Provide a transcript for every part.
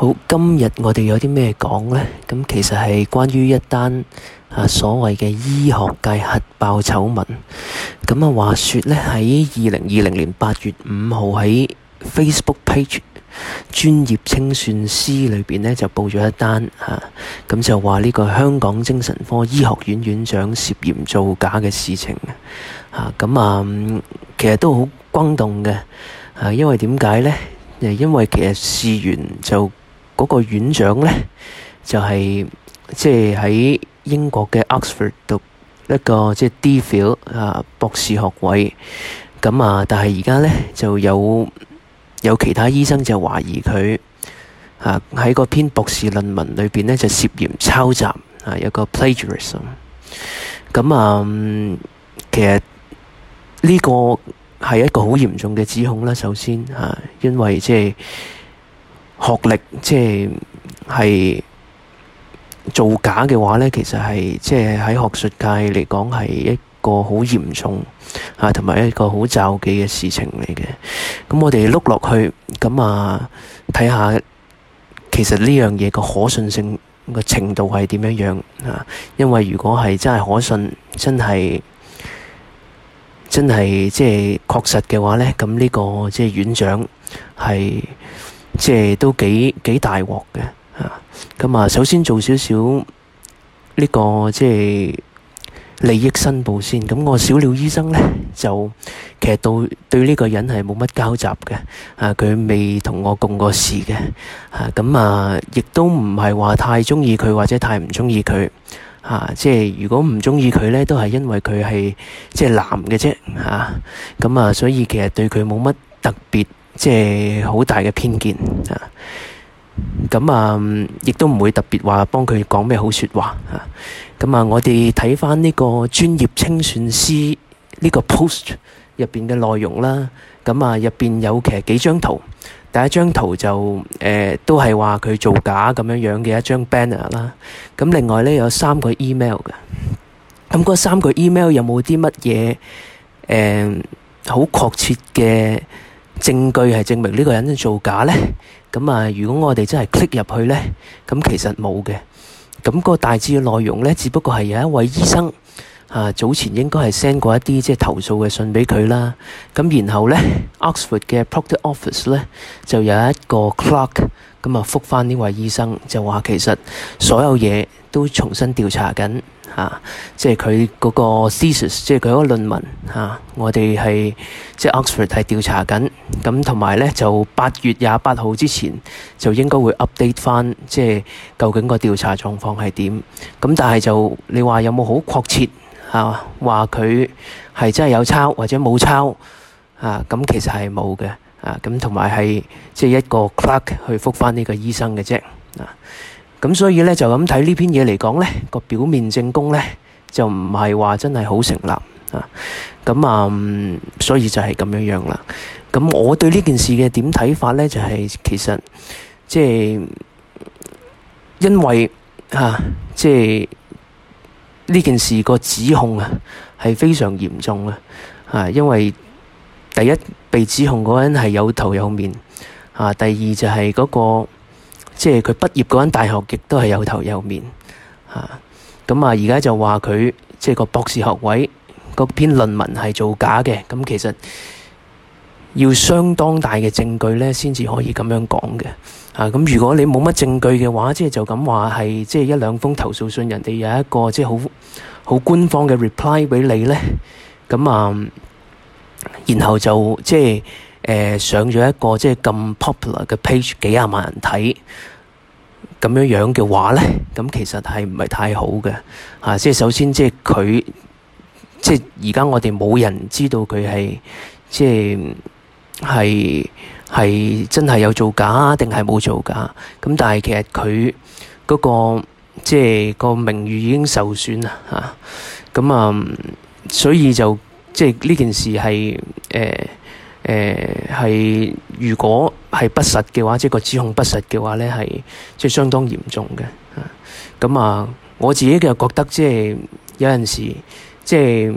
好，今日我哋有啲咩講呢？咁其實係關於一單啊所謂嘅醫學界核爆醜聞。咁啊，話說呢，喺二零二零年八月五號喺 Facebook Page 專業清算師裏邊呢，就報咗一單，咁就話呢個香港精神科醫學院院長涉嫌造假嘅事情啊。咁啊，其實都好轟動嘅。啊，因為點解呢？誒，因為其實事緣就。嗰個院長呢，就係即係喺英國嘅 Oxford 讀一個即係 DPhil 啊，博士學位。咁啊，但係而家呢，就有有其他醫生就懷疑佢啊喺嗰篇博士論文裏面呢，就涉嫌抄襲啊，有一個 plagiarism。咁啊，其實呢個係一個好嚴重嘅指控啦。首先啊，因為即係。學歷即係造假嘅話呢，其實係，即係喺學術界嚟講係一個好嚴重啊，同埋一個好詐欺嘅事情嚟嘅。咁我哋碌落去，咁啊，睇下其實呢樣嘢個可信性嘅程度係點樣樣啊？因為如果係真係可信，真係真係即係確實嘅話呢，咁呢個即係院長係。即係都幾幾大鑊嘅嚇，咁啊首先做少少呢個即係利益申報先，咁我小鳥醫生咧就其實對對呢個人係冇乜交集嘅嚇，佢未同我共過事嘅嚇，咁啊亦都唔係話太鍾意佢或者太唔鍾意佢嚇，即係如果唔鍾意佢咧，都係因為佢係即係男嘅啫嚇，咁啊，啊所以其實對佢冇乜特別。即係好大嘅偏見啊！咁啊，亦都唔會特別說幫他說什麼說話幫佢講咩好説話啊。咁啊，我哋睇翻呢個專業清算師呢個 post 入邊嘅內容啦。咁啊，入邊有其實幾張圖，第一張圖就誒、啊、都係話佢造假咁樣樣嘅一張 banner 啦、啊。咁另外咧有三個 email 嘅，咁嗰三個 email 有冇啲乜嘢誒好確切嘅？證據係證明呢個人真係做假呢。咁啊，如果我哋真係 click 入去呢，咁其實冇嘅，咁個大致嘅內容呢，只不過係有一位醫生。啊，早前應該係 send 過一啲即係投訴嘅信俾佢啦。咁然後呢 Oxford 嘅 Proctor、er、Office 呢，就有一個 clerk 咁啊，覆翻呢位醫生就話其實所有嘢都重新調查緊嚇、啊，即係佢嗰個 thesis，即係佢嗰個論文嚇、啊，我哋係即係 Oxford 係調查緊。咁同埋呢，就八月廿八號之前就應該會 update 翻，即係究竟個調查狀況係點。咁、啊、但係就你話有冇好確切？啊，話佢係真係有抄或者冇抄啊？咁其實係冇嘅啊。咁同埋係即係一個 clerk 去覆返呢個醫生嘅啫啊！咁所以咧就咁睇呢篇嘢嚟講咧，個表面證供咧就唔係話真係好成立啊！咁啊，所以就係咁樣樣啦。咁、啊、我對呢件事嘅點睇法咧，就係、是、其實即係因為啊，即係。呢件事個指控啊，係非常嚴重啊！啊，因為第一被指控嗰人係有頭有面啊，第二就係嗰個即係佢畢業嗰間大學亦都係有頭有面啊。咁啊，而家就話佢即係個博士學位嗰篇論文係造假嘅，咁其實。要相當大嘅證據咧，先至可以咁樣講嘅。啊，咁如果你冇乜證據嘅話，即係就咁話係，即係一兩封投訴信，人哋有一個即係好好官方嘅 reply 俾你咧。咁啊，然後就即係誒上咗一個即係咁 popular 嘅 page，幾廿萬人睇咁樣樣嘅話咧，咁其實係唔係太好嘅？啊，即係首先即係佢，即係而家我哋冇人知道佢係即係。就是係係真係有做假定係冇做假咁，但係其實佢嗰、那個即係、就是、個名譽已經受損啦嚇。咁啊，所以就即係呢件事係誒誒係，如果係不實嘅話，即、就、係、是、個指控不實嘅話咧，係即係相當嚴重嘅。咁啊，我自己嘅覺得即係、就是、有陣時即係、就是，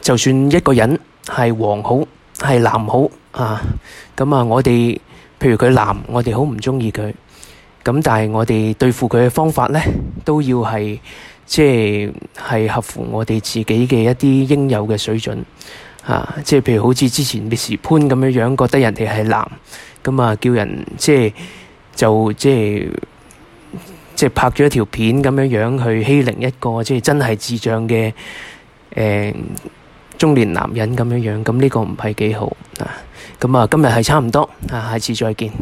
就算一個人係黃好，係男好啊，咁啊，我哋譬如佢男，我哋好唔中意佢，咁但係我哋對付佢嘅方法咧，都要係即係係合乎我哋自己嘅一啲應有嘅水準啊！即係譬如好似之前 Miss 潘咁樣樣，覺得人哋係男，咁啊叫人即係就即係即係拍咗一條片咁樣樣去欺凌一個即係真係智障嘅誒。呃中年男人咁樣樣，咁呢個唔係幾好啊。咁啊，今日係差唔多啊，下次再見。